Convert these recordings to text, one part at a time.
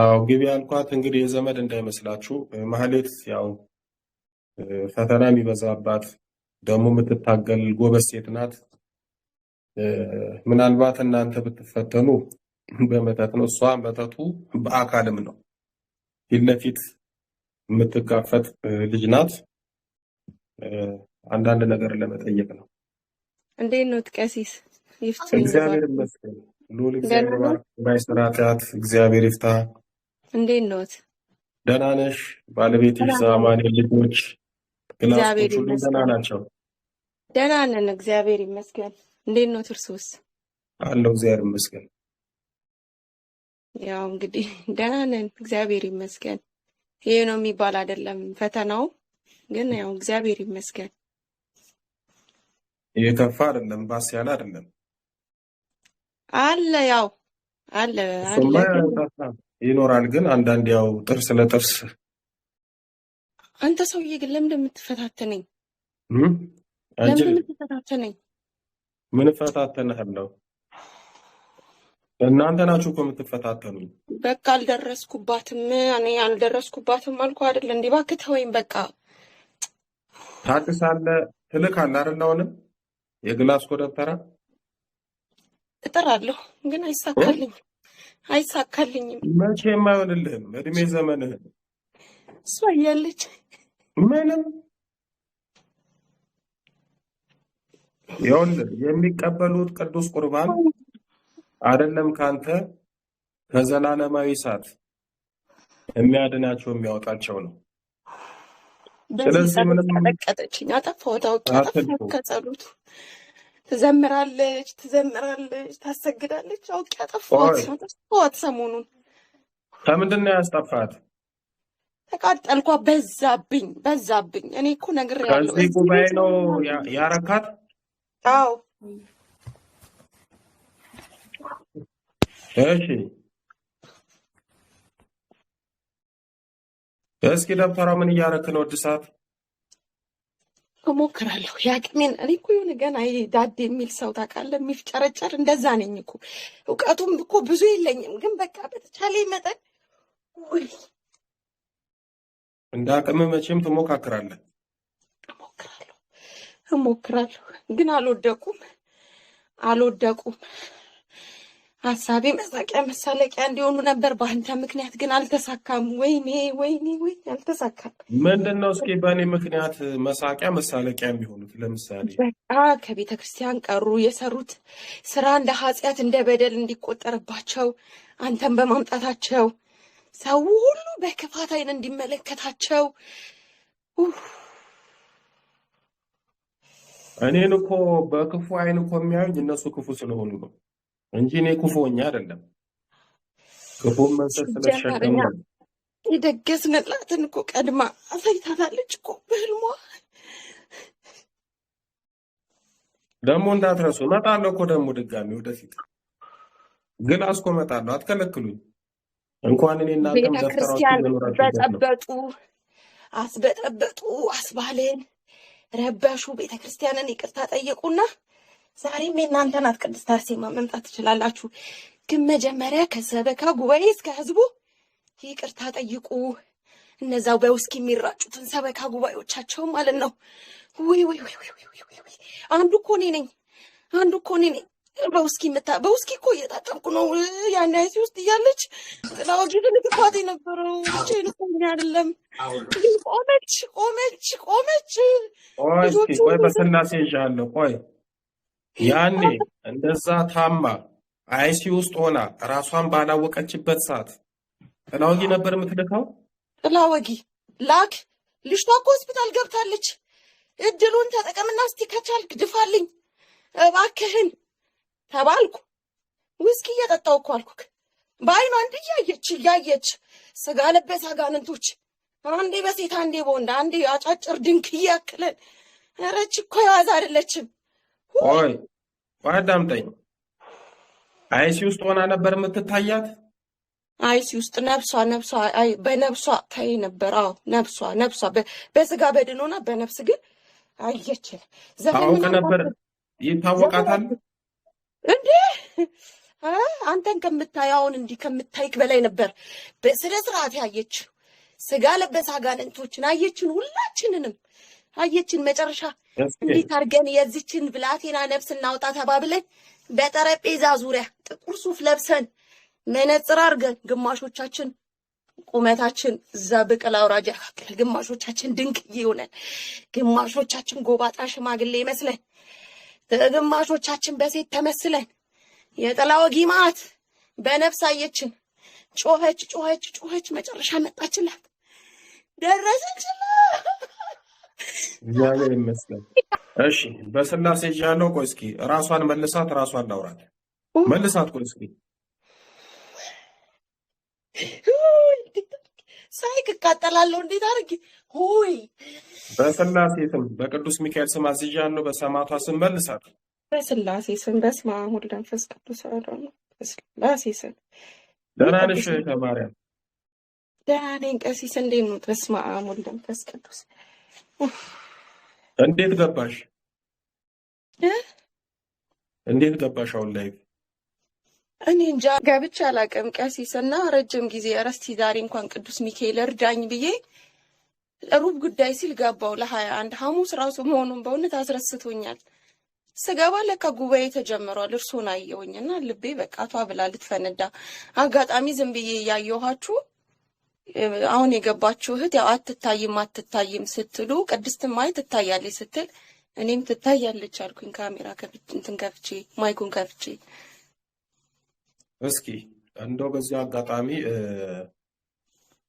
አዎ ግቢ ያልኳት እንግዲህ የዘመድ እንዳይመስላችሁ። ማህሌት ያው ፈተና የሚበዛባት ደግሞ የምትታገል ጎበዝ ሴት ናት። ምናልባት እናንተ ብትፈተኑ በመተት ነው፣ እሷ መተቱ በአካልም ነው። ፊት ለፊት የምትጋፈጥ ልጅ ናት። አንዳንድ ነገር ለመጠየቅ ነው። እንዴት ነው ቀሲስ? እግዚአብሔር ይመስገን ሎል እግዚአብሔር ባይ እግዚአብሔር ይፍታ እንዴት ነት? ደህና ነሽ? ባለቤትሽ፣ ዛማን፣ ልጆች እግዚአብሔር ደህና ናቸው? ደህና ነን፣ እግዚአብሔር ይመስገን። እንዴት ነት እርሶስ? አለው እግዚአብሔር ይመስገን። ያው እንግዲህ ደህና ነን፣ እግዚአብሔር ይመስገን። ይህ ነው የሚባል አይደለም ፈተናው፣ ግን ያው እግዚአብሔር ይመስገን የከፋ አይደለም፣ ባስ ያለ አይደለም። አለ ያው አለ አለ ይኖራል። ግን አንዳንድ ያው ጥርስ ለጥርስ አንተ ሰውዬ ግን ለምን እንደምትፈታተነኝ ለምን የምትፈታተነኝ? ምን እፈታተንሃለሁ? እናንተ ናችሁ እኮ የምትፈታተኑ። በቃ አልደረስኩባትም፣ እኔ አልደረስኩባትም አልኩ አይደል? እንዲህ እባክህ ተወኝ። በቃ ታድሳለህ፣ ትልካለህ አይደል? አሁንም የግላስኮ ደብተራ እጥራለሁ፣ ግን አይሳካልኝም። አይሳካልኝም። መቼም አይሆንልህም። እድሜ ዘመንህን እሷ እያለች ምንም ይኸውልህ የሚቀበሉት ቅዱስ ቁርባን አይደለም ካንተ ከዘላለማዊ እሳት የሚያድናቸው የሚያወጣቸው ነው። ስለዚህ ምንም አጠፋሁት አውቄ ከጸሎቱ ትዘምራለች ትዘምራለች ታሰግዳለች። አውቅ ያጠፋት ሰሞኑን ከምንድን ነው ያስጠፋት? ተቃጠልኳ። በዛብኝ በዛብኝ። እኔ እኮ ነግር ከዚህ ጉባኤ ነው ያረካት። አዎ እሺ። እስኪ ደብተራ ምን እያረክ ነው? እድሳት እሞክራለሁ ያቅሜን። እኔ እኮ የሆነ ገና ዳድ የሚል ሰው ታውቃለህ፣ የሚፍጨረጨር እንደዛ ነኝ እኮ። እውቀቱም እኮ ብዙ የለኝም፣ ግን በቃ በተቻለ መጠን እንደ አቅም መቼም ትሞካክራለህ። እሞክራለሁ እሞክራለሁ፣ ግን አልወደቁም አልወደቁም። ሀሳቤ መሳቂያ መሳለቂያ እንዲሆኑ ነበር። በአንተ ምክንያት ግን አልተሳካም። ወይኔ ወይኔ ወይ አልተሳካም። ምንድን ነው እስኪ በእኔ ምክንያት መሳቂያ መሳለቂያ የሚሆኑት? ለምሳሌ በቃ ከቤተ ክርስቲያን ቀሩ። የሰሩት ስራ እንደ ኃጢአት እንደ በደል እንዲቆጠርባቸው አንተን በማምጣታቸው ሰው ሁሉ በክፋት አይን እንዲመለከታቸው እኔን እኮ በክፉ አይን እኮ የሚያዩኝ እነሱ ክፉ ስለሆኑ ነው። እንጂ እኔ ክፉ ሆኜ አይደለም። ክፉን መንሰት ስለሸከም ነው። የደገስንላትን እኮ ቀድማ አሳይታታለች እኮ በህልሟ። ደግሞ እንዳትረሱ እመጣለሁ እኮ ደግሞ ድጋሚ ወደፊት ግላስ እኮ እመጣለሁ። አትከለክሉኝ። እንኳን እኔ እና ቤተክርስቲያን በጠበጡ አስበጠበጡ፣ አስባልን፣ ረበሹ። ቤተክርስቲያንን ይቅርታ ጠየቁና ዛሬም የእናንተ ናት ቅድስት አርሴማ መምጣት ትችላላችሁ። ግን መጀመሪያ ከሰበካ ጉባኤ እስከ ህዝቡ ይቅርታ ጠይቁ። እነዛው በውስኪ የሚራጩትን ሰበካ ጉባኤዎቻቸውን ማለት ነው። ውይ ውይ ውይ ውይ! አንዱ እኮ እኔ ነኝ፣ አንዱ እኮ እኔ ነኝ። በውስኪ ምታ በውስኪ እኮ እየታጠብኩ ነው። ያን አይሲ ውስጥ እያለች ጥላወጁ ልግፋት የነበረው ቼን እኮ እኔ አይደለም። ቆመች ቆመች ቆመች። ቆይ በስላሴ ይዣለሁ ቆይ ያኔ እንደዛ ታማ አይሲ ውስጥ ሆና ራሷን ባላወቀችበት ሰዓት ጥላወጊ ነበር የምትልከው። ጥላወጊ ላክ ልጅቷ እኮ ሆስፒታል ገብታለች። እድሉን ተጠቀምና እስቲ ከቻልክ ድፋልኝ እባክህን ተባልኩ። ውስኪ እየጠጣው እኮ አልኩክ። በአይኗ አንድ እያየች እያየች ስጋ ለበሳ ጋንንቶች አንዴ በሴት አንዴ በወንድ አንዴ አጫጭር ድንክ እያክለን ረች እኮ የዋዛ አይደለችም። ቆይ ቆይ አዳምጠኝ። አይሲ ውስጥ ሆና ነበር የምትታያት። አይሲ ውስጥ ነብሷ ነብሷ በነብሷ ታይ ነበር። አዎ ነብሷ ነብሷ በስጋ በድን ሆና በነፍስ ግን አየችን። ታውቅ ነበር፣ ይታወቃታል እንዴ አንተን ከምታይ አሁን እንዲህ ከምታይክ በላይ ነበር በስነ ስርዓት ያየችው። ስጋ ለበስ አጋንንቶችን አየችን ሁላችንንም አየችን። መጨረሻ እንዴት አድርገን የዚችን ብላቴና ነፍስ እናውጣ ተባብለን በጠረጴዛ ዙሪያ ጥቁር ሱፍ ለብሰን መነጽር አድርገን ግማሾቻችን ቁመታችን እዛ ብቅል አውራጃ ያካክል፣ ግማሾቻችን ድንቅዬ ይሆነን ግማሾቻችን ጎባጣ ሽማግሌ ይመስለን፣ ግማሾቻችን በሴት ተመስለን የጥላው ጊማት በነፍስ አየችን። ጮኸች ጮኸች ጮኸች። መጨረሻ መጣችላት፣ ደረሰችላት። እግዚአብሔር ይመስገን። እሺ በስላሴ ያለው ቆይ እስኪ ራሷን መልሳት፣ ራሷን ላውራት መልሳት። ቆይ እስኪ ሳይክ እቃጠላለሁ። እንዴት አድርጌ ሆይ በስላሴ ስም በቅዱስ ሚካኤል ስም አዝዣለሁ። በሰማዕቷ ስም መልሳት። በስላሴ ስም በስመ አብ ወወልድ ወመንፈስ ቅዱስ አሐዱ አምላክ። በስላሴ ስም ደህና ነሽ ማርያም? ደህና ነኝ ቀሲስ። እንዴት ነው? በስመ አብ ወወልድ ወመንፈስ ቅዱስ እንዴት ገባሽ? እንዴት ገባሽ? አሁን ላይ እኔ እንጃ ገብቼ አላውቅም። ቀሲስ እና ረጅም ጊዜ እረስቲ ዛሬ እንኳን ቅዱስ ሚካኤል እርዳኝ ብዬ ሩብ ጉዳይ ሲል ገባው ለሀያ አንድ ሐሙስ ራሱ መሆኑን በእውነት አስረስቶኛል። ስገባ ለካ ጉባኤ ተጀምሯል። እርሶን አየውኝና ልቤ በቃቷ ብላ ልትፈነዳ አጋጣሚ ዝም ብዬ እያየኋችሁ አሁን የገባችሁ እህት ያው አትታይም አትታይም ስትሉ ቅድስት አይ ትታያለች ስትል እኔም ትታያለች አልኩኝ። ካሜራ እንትን ከፍቼ ማይኩን ከፍቼ እስኪ እንደው በዚሁ አጋጣሚ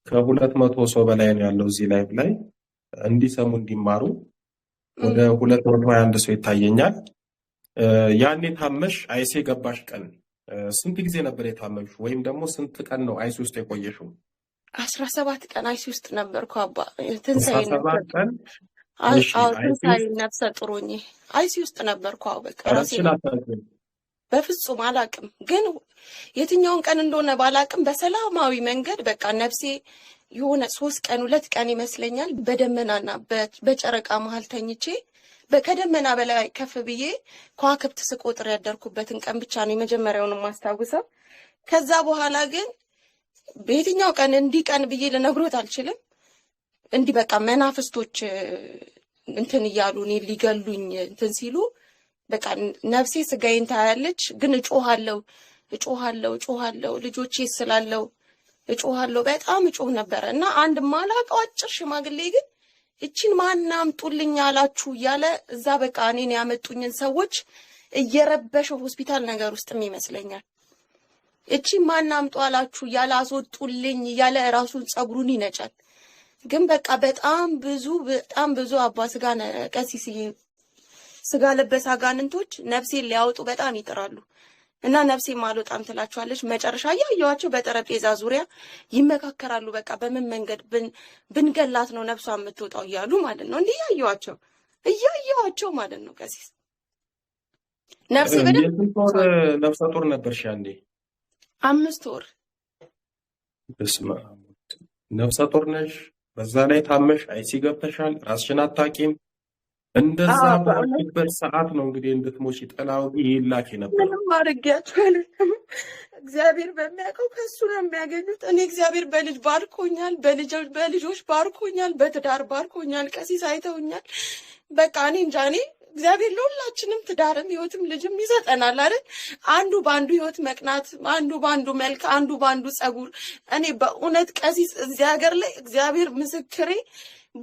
ከሁለት መቶ ሰው በላይ ነው ያለው እዚህ ላይቭ ላይ እንዲሰሙ እንዲማሩ ወደ ሁለት መቶ ሀያ አንድ ሰው ይታየኛል። ያኔ ታመሽ አይሴ ገባሽ ቀን ስንት ጊዜ ነበር የታመሽ? ወይም ደግሞ ስንት ቀን ነው አይሲ ውስጥ የቆየሽው? አስራ ሰባት ቀን አይሲ ውስጥ ነበርኩ አባ ትንሳኤ ትንሳኤ ነፍሰ ጥሩኝ አይሲ ውስጥ ነበርኩ። በቃ በፍጹም አላቅም፣ ግን የትኛውን ቀን እንደሆነ ባላቅም በሰላማዊ መንገድ በቃ ነፍሴ የሆነ ሶስት ቀን ሁለት ቀን ይመስለኛል በደመናና በጨረቃ መሀል ተኝቼ ከደመና በላይ ከፍ ብዬ ከዋክብት ስቆጥር ያደርኩበትን ቀን ብቻ ነው የመጀመሪያውን ማስታውሰው። ከዛ በኋላ ግን በየትኛው ቀን እንዲህ ቀን ብዬ ልነግሮት አልችልም። እንዲህ በቃ መናፍስቶች እንትን እያሉ እኔ ሊገሉኝ እንትን ሲሉ በቃ ነፍሴ ስጋዬን ታያለች። ግን እጮሃለሁ እጮሃለሁ እጮሃለሁ ልጆቼ ስላለው እጮሃለሁ በጣም እጮህ ነበረ እና አንድ ማላውቀው አጭር ሽማግሌ ግን እቺን ማን አምጡልኝ አላችሁ እያለ እዛ በቃ እኔን ያመጡኝን ሰዎች እየረበሸው ሆስፒታል ነገር ውስጥም ይመስለኛል እቺ ማናምጧ አላችሁ ያላስወጡልኝ ያለ ራሱን ጸጉሩን ይነጫል። ግን በቃ በጣም ብዙ በጣም ብዙ አባ ስጋ ቀሲስ ስጋ ለበስ አጋንንቶች ነፍሴን ሊያወጡ በጣም ይጥራሉ እና ነፍሴ አልወጣም ትላችኋለች። መጨረሻ እያየኋቸው በጠረጴዛ ዙሪያ ይመካከራሉ። በቃ በምን መንገድ ብንገላት ነው ነፍሷ የምትወጣው እያሉ ማለት ነው። እንዲህ እያየኋቸው እያየኋቸው ማለት ነው። ቀሲስ ነፍሴ በደንብ ነፍሰ ጡር ነበርሽ አንዴ አምስት ወር በስመ አብ ነፍሰ ጡር ነሽ፣ በዛ ላይ ታመሽ አይሲ ገብተሻል፣ ራስሽን አታቂም። እንደዛ በሆነበት ሰዓት ነው እንግዲህ እንድትሞች ጥላው ይላክ ነበር። ምንም አድርጊያቸው እግዚአብሔር በሚያውቀው ከሱ ነው የሚያገኙት። እኔ እግዚአብሔር በልጅ ባርኮኛል፣ በልጆች ባርኮኛል፣ በትዳር ባርኮኛል፣ ቀሲስ አይተውኛል። በቃ እኔ እንጃ እኔ እግዚአብሔር ለሁላችንም ትዳርም ህይወትም ልጅም ይሰጠናል አይደል? አንዱ በአንዱ ህይወት መቅናት፣ አንዱ በአንዱ መልክ፣ አንዱ በአንዱ ጸጉር። እኔ በእውነት ቀሲስ እዚህ ሀገር ላይ እግዚአብሔር ምስክሬ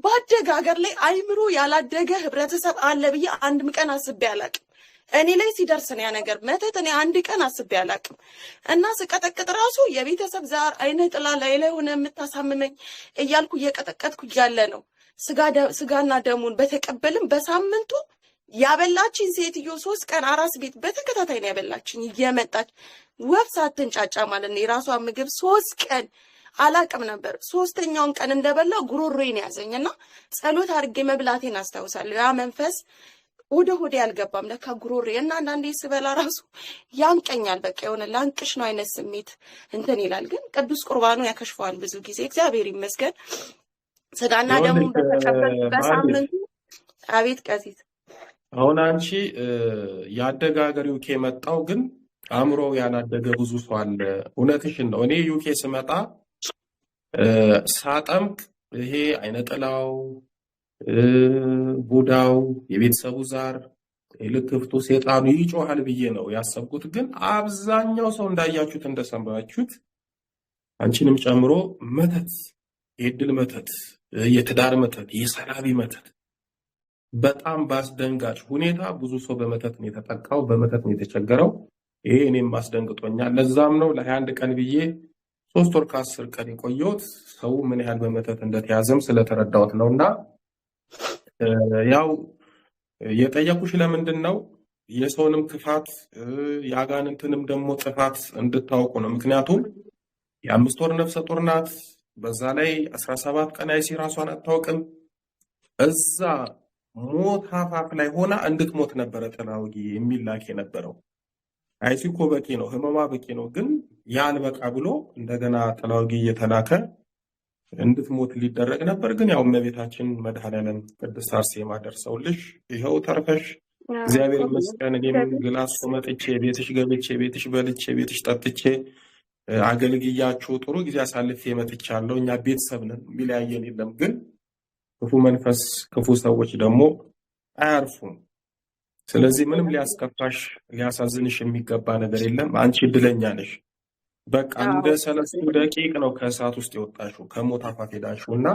ባደገ ሀገር ላይ አይምሮ ያላደገ ህብረተሰብ አለ ብዬ አንድም ቀን አስቤ አላቅም። እኔ ላይ ሲደርስን ያ ነገር መተት። እኔ አንድ ቀን አስቤ አላቅም እና ስቀጠቅጥ ራሱ የቤተሰብ ዛር አይነ ጥላ ላይ ላይ ሆነ የምታሳምመኝ እያልኩ እየቀጠቀጥኩ እያለ ነው ስጋና ደሙን በተቀበልም በሳምንቱ ያበላችን ሴትዮ ሶስት ቀን አራስ ቤት በተከታታይ ነው ያበላችን። እየመጣች ወፍ ሳትንጫጫ ማለት ነው የራሷ ምግብ ሶስት ቀን አላቅም ነበር። ሶስተኛውን ቀን እንደበላ ጉሮሮዬን ያዘኝ እና ጸሎት አድርጌ መብላቴን አስታውሳለሁ። ያ መንፈስ ወደ ሆዴ አልገባም ለካ ጉሮሬ እና አንዳንዴ ስበላ ራሱ ያንቀኛል። በቃ የሆነ ላንቅሽ ነው አይነት ስሜት እንትን ይላል። ግን ቅዱስ ቁርባኑ ያከሽፈዋል ብዙ ጊዜ እግዚአብሔር ይመስገን። ስጋና ደግሞ በተቀበል በሳምንቱ አቤት ቀዚት አሁን አንቺ ያደጋገር ዩኬ መጣው፣ ግን አእምሮ ያላደገ ብዙ ሰው አለ። እውነትሽን ነው። እኔ ዩኬ ስመጣ ሳጠምቅ ይሄ አይነጥላው ቡዳው የቤተሰቡ ዛር ልክፍቱ ሴጣኑ ይጮሃል ብዬ ነው ያሰብኩት። ግን አብዛኛው ሰው እንዳያችሁት እንደሰማችሁት አንቺንም ጨምሮ መተት፣ የድል መተት፣ የትዳር መተት፣ የሰላቢ መተት በጣም በአስደንጋጭ ሁኔታ ብዙ ሰው በመተት ነው የተጠቃው፣ በመተት ነው የተቸገረው። ይሄ እኔም አስደንግጦኛል። ለዛም ነው ለ አንድ ቀን ብዬ ሶስት ወር ከአስር ቀን የቆየሁት ሰው ምን ያህል በመተት እንደተያዘም ስለተረዳሁት ነው። እና ያው የጠየኩሽ ለምንድን ነው የሰውንም ክፋት የአጋንንትንም ደግሞ ጥፋት እንድታውቁ ነው። ምክንያቱም የአምስት ወር ነፍሰ ጡር ናት። በዛ ላይ አስራ ሰባት ቀን አይሲ ራሷን አታውቅም እዛ ሞት አፋፍ ላይ ሆና እንድትሞት ነበረ ጥላውጊ የሚል ላክ የነበረው። አይሲ እኮ በቂ ነው፣ ህመማ በቂ ነው። ግን ያን በቃ ብሎ እንደገና ጥላውጊ እየተላከ እንድትሞት ሊደረግ ነበር። ግን ያው እመቤታችን መድኃኔዓለም ቅድስት አርሴማ ደርሰውልሽ ይኸው ተርፈሽ እግዚአብሔር ይመስገን። እኔም ግላስ መጥቼ ቤትሽ ገብቼ ቤትሽ በልቼ ቤትሽ ጠጥቼ አገልግያችሁ ጥሩ ጊዜ አሳልፌ መጥቻለሁ። እኛ ቤተሰብ ነን፣ የሚለያየን የለም ግን ክፉ መንፈስ፣ ክፉ ሰዎች ደግሞ አያርፉም። ስለዚህ ምንም ሊያስከፋሽ ሊያሳዝንሽ የሚገባ ነገር የለም። አንቺ እድለኛ ነሽ። በቃ እንደ ሰለስቱ ደቂቅ ነው ከእሳት ውስጥ የወጣሽው ከሞት አፋፍ ሄዳሽው እና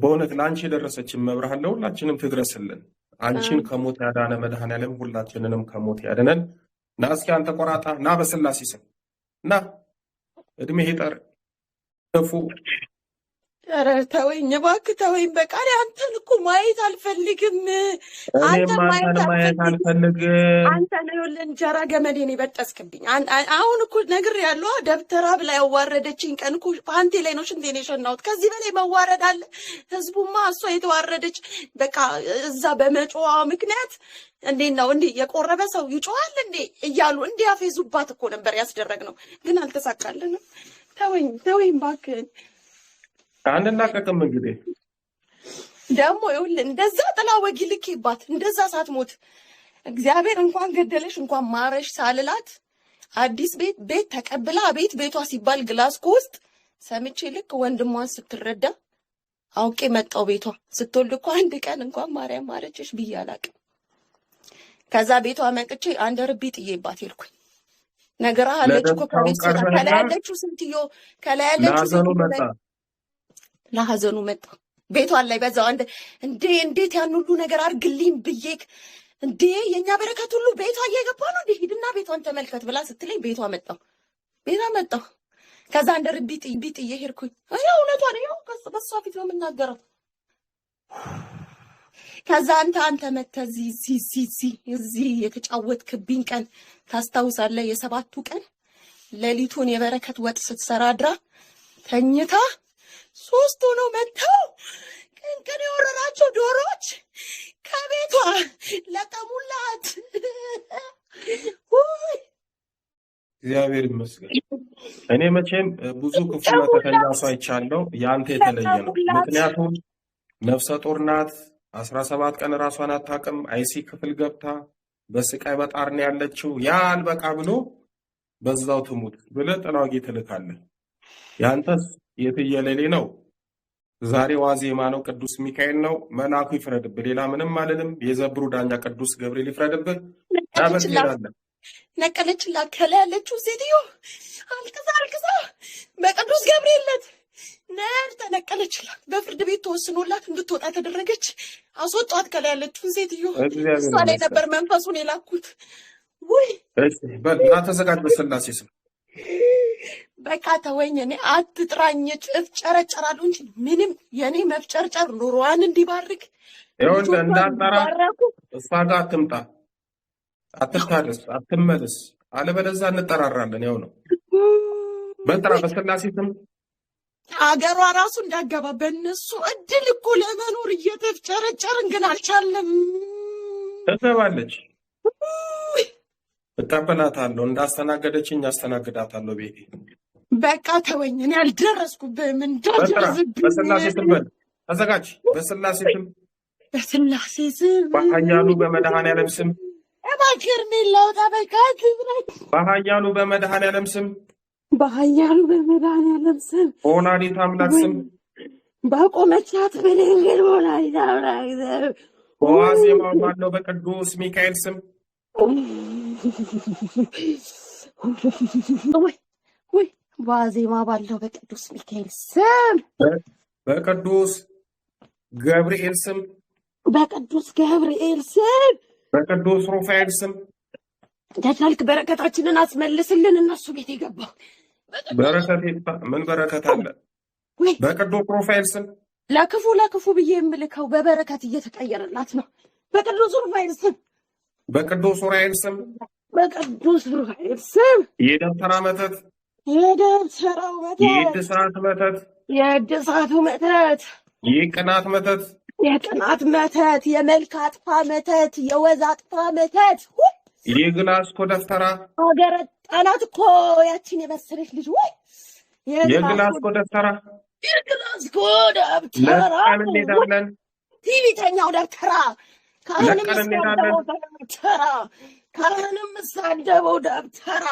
በእውነት ለአንቺ የደረሰችን መብርሃን ለሁላችንም ትድረስልን። አንቺን ከሞት ያዳነ መድኃኔዓለም ሁላችንንም ከሞት ያድነን ና እስኪ አንተ ቆራጣ ና በስላሴ ስም ና እድሜ ይጠር ክፉ ኧረ ተወኝ እባክህ ተወኝ። በቃ አንተን እኮ ማየት አልፈልግም። አንተን ማየት አልፈልግም። አንተ ነው እንጀራ ገመዴን የበጠስክብኝ። አሁን እኮ ነግሬሃለሁ። ደብተራ ብላ ያዋረደችኝ ቀን እኮ ፓንቴ ላይ ነው ሽንቴን የሸናሁት። ከዚህ በላይ መዋረድ አለ? ህዝቡማ እሷ የተዋረደች በቃ እዛ በመጮዋ ምክንያት እንዴት ነው እንዲህ የቆረበ ሰው ይጮዋል እንዴ እያሉ ያፌዙባት እኮ ነበር ያስደረግ ነው፣ ግን አልተሳካልንም። ተወኝ ተወኝ እባክህን። አንላቀቅም እንግዲህ ደግሞ ይኸውልህ እንደዛ ጥላ ወጊ ልኬባት እንደዛ ሳትሞት እግዚአብሔር እንኳን ገደለሽ እንኳን ማረሽ ሳልላት አዲስ ቤት ቤት ተቀብላ ቤት ቤቷ ሲባል ግላስኮ ውስጥ ሰምቼ ልክ ወንድሟን ስትረዳ አውቄ መጣው ቤቷ ስትወልድ እኮ አንድ ቀን እንኳን ማርያም ማረችሽ ብዬ አላቅም። ከዛ ቤቷ መጥቼ አንድ ርቢ ጥዬባት ሄድኩኝ። ነገራ አለች እኮ ከቤት ተለያለችው ስንትዮ ከለያለችው ስንትዮ ለሀዘኑ መጣ። ቤቷን ላይ በዛው አንድ እንዴ እንዴት ያን ሁሉ ነገር አርግልኝ ብዬክ እንዴ የእኛ በረከት ሁሉ ቤቷ እየገባ ነው እንዴ ሂድና ቤቷን ተመልከት ብላ ስትለኝ ቤቷ መጣሁ። ቤቷ መጣሁ። ከዛ እንደ ርቢጥ ቢጥ እየሄድኩኝ ያው ነው ያው በሷ ፊት ነው የምናገረው። ከዛ አንተ አንተ መተ መተህ እዚህ የተጫወትክብኝ ቀን ታስታውሳለህ? የሰባቱ ቀን ሌሊቱን የበረከት ወጥ ስትሰራ አድራ ተኝታ ሶስት ሆነው መጥተው ቅንቅን የወረራቸው ዶሮች ከቤቷ ለቀሙላት። እግዚአብሔር ይመስገን። እኔ መቼም ብዙ ክፉ መተተኛ ሰው አይቻለው። የአንተ የተለየ ነው። ምክንያቱም ነፍሰ ጡር ናት። አስራ ሰባት ቀን ራሷን አታውቅም። አይሲ ክፍል ገብታ በስቃይ በጣር ነው ያለችው። ያ አልበቃ ብሎ በዛው ትሙት ብለህ ጥላዋጊ ትልካለህ። ያንተስ የትየለሌ ነው። ዛሬ ዋዜማ ነው። ቅዱስ ሚካኤል ነው። መልአኩ ይፍረድብህ። ሌላ ምንም አልልም። የዘብሩ ዳኛ ቅዱስ ገብርኤል ይፍረድብህ። ዳመትላለን ነቀለችላ ከላይ ያለችው ሴትዮ አልቅዛ አልቅዛ በቅዱስ ገብርኤልነት ነር ተነቀለችላት። በፍርድ ቤት ተወስኖላት እንድትወጣ ተደረገች። አስወጧት ከላይ ያለችውን ሴትዮ። እሷ ላይ ነበር መንፈሱን የላኩት። ውይ በል ተዘጋጅ፣ በስላሴ ስም በቃ ተወኝ፣ እኔ አትጥራኝ፣ ጨረጨራለሁ እንጂ ምንም የኔ መፍጨርጨር ኑሮዋን እንዲባርክ እንዳጠራ እሷ ጋር አትምጣ፣ አትታደስ፣ አትመልስ፣ አለበለዛ እንጠራራለን። ያው ነው በጥራ በስላሴ ስም አገሯ ራሱ እንዳገባ በእነሱ እድል እኮ ለመኖር እየተፍጨረጨርን ግን አልቻለም። ትገባለች፣ እቀበላታለሁ። እንዳስተናገደችኝ አስተናግዳታለሁ ቤቴ በቃ ተወኝ፣ እኔ አልደረስኩብህም። እንዳደርስብኝ ተዘጋጅ። በስላሴ ስም በስላሴ ስም በኃያሉ በመድኃኔዓለም ስም እባክህ ላውጣ። በቃ ትብረት በመድኃኔዓለም ስም በኃያሉ በመድኃኔዓለም ስም በወላዲተ አምላክ ስም በቆመቻት በድንግል በወላዲተ አምላክ ስም በዋዜማ ባለው በቅዱስ ሚካኤል ስም ወይ ወይ በአዜማ ባለው በቅዱስ ሚካኤል ስም በቅዱስ ገብርኤል ስም በቅዱስ ገብርኤል ስም በቅዱስ ሩፋኤል ስም ደጃልክ በረከታችንን አስመልስልን። እነሱ ቤት የገባው በረከት ምን በረከት አለ? በቅዱስ ሩፋኤል ስም ለክፉ ለክፉ ብዬ የምልከው በበረከት እየተቀየረላት ነው። በቅዱስ ሩፋኤል ስም በቅዱስ ሩፋኤል ስም በቅዱስ ሩፋኤል ስም የደብተራ መተት የዳንሰራው መተት፣ የእድሳት መተት፣ የእድሳቱ መተት፣ የቅናት መተት፣ የቅናት መተት፣ የመልክ አጥፋ መተት፣ የወዝ አጥፋ መተት፣ የግላስ እኮ ደፍተራ ሀገር እኮ ያችን የመሰለች ልጅ ወይ የግላስ እኮ ደፍተራ ደብተራ ቲቪተኛው ደብተራ ካሁንም ደብተራ ካህን የምሳደበው ደብተራ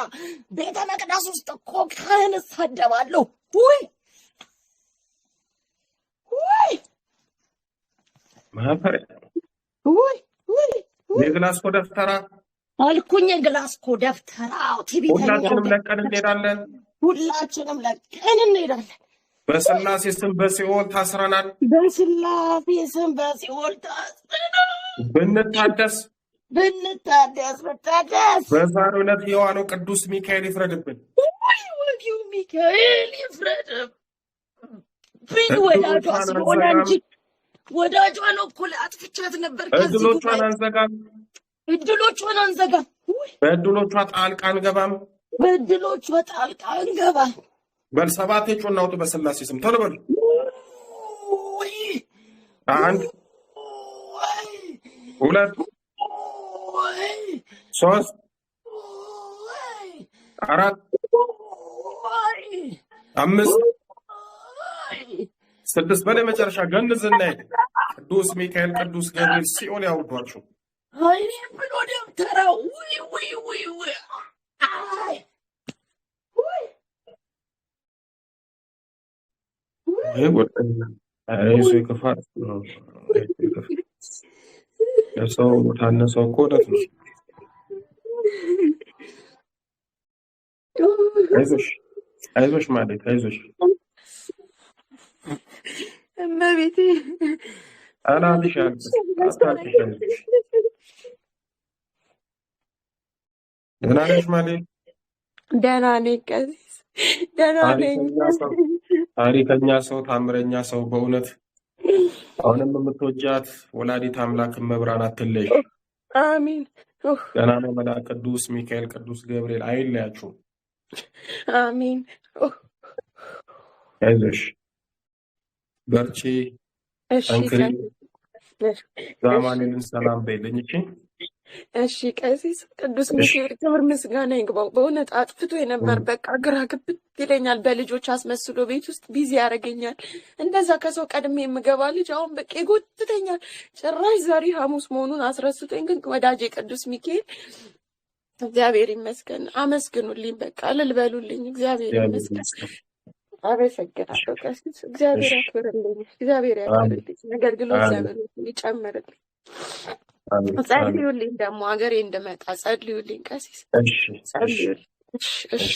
ቤተ መቅደስ ውስጥ እኮ ካህን እሳደባለሁ። ውይ ውይ ውይ ውይ የግላስኮ ደብተራ አልኩኝ። የግላስኮ ደብተራ ቲቪ ሁላችንም ለቀን እንሄዳለን። ሁላችንም ለቀን እንሄዳለን። በስላሴ ስም በሲኦል ታስረናል። በስላሴ ስም በሲኦል ታስረናል። ብንታደስ ብንታደስ ብታደስ ዕለት የዋለው ቅዱስ ሚካኤል ይፍረድብን። ወይ ወዲው ሚካኤል ወዳጇ ስለሆነ እንጂ ወዳጇን አጥፍቻት ነበር። እድሎቿን አንዘጋም፣ እድሎቿን አንዘጋም። በእድሎቿ ጣልቃ አንገባም፣ በእድሎቿ ጣልቃ አንገባም። በል ሰባት እናውጡ በስላሴ ስም አንድ ሁለት ሶስት አራት አምስት ስድስት በደ መጨረሻ ገንዝና ቅዱስ ሚካኤል ቅዱስ ገብርኤል ሲኦል ያውርዷችሁ። ሰው ታነሰው እኮ ነው። አይዞሽ አይዞሽ ማለት አይዞሽ እመቤቴ ደህና ነሽ ማለት ደህና ነኝ ቀሲስ ደህና ነኝ። ታሪከኛ ሰው ታምረኛ ሰው በእውነት አሁንም የምትወጃት ወላዲት አምላክ መብራን አትለይ። አሚን። ነው መልአክ ቅዱስ ሚካኤል፣ ቅዱስ ገብርኤል አይለያችሁም። አሚን። አይዞሽ፣ በርቺ፣ ጠንክሪ። ዛማኔልን ሰላም በይልኝ እሺ። እሺ ቀሲስ ቅዱስ ሚካኤል ክብር ምስጋና ይግባው። በእውነት አጥፍቶ የነበር በቃ ግራ ግብት ይለኛል። በልጆች አስመስሎ ቤት ውስጥ ቢዚ ያደርገኛል። እንደዛ ከሰው ቀድሜ የምገባ ልጅ አሁን በቃ ይጎትተኛል። ጭራሽ ዛሬ ሐሙስ መሆኑን አስረስቶኝ፣ ግን ወዳጄ ቅዱስ ሚካኤል እግዚአብሔር ይመስገን። አመስግኑልኝ፣ በቃ እልል በሉልኝ። እግዚአብሔር ይመስገን። አመሰግናለሁ ቀሲስ። እግዚአብሔር ያክብርልኝ፣ እግዚአብሔር ያክብርልኝ። ነገር ግን እግዚአብሔር ይጨምርልኝ። ጸልዩልኝ፣ ደግሞ ሀገሬ እንደመጣ ጸልዩልኝ፣ ቀሲስ ጸልዩልኝ። እሺ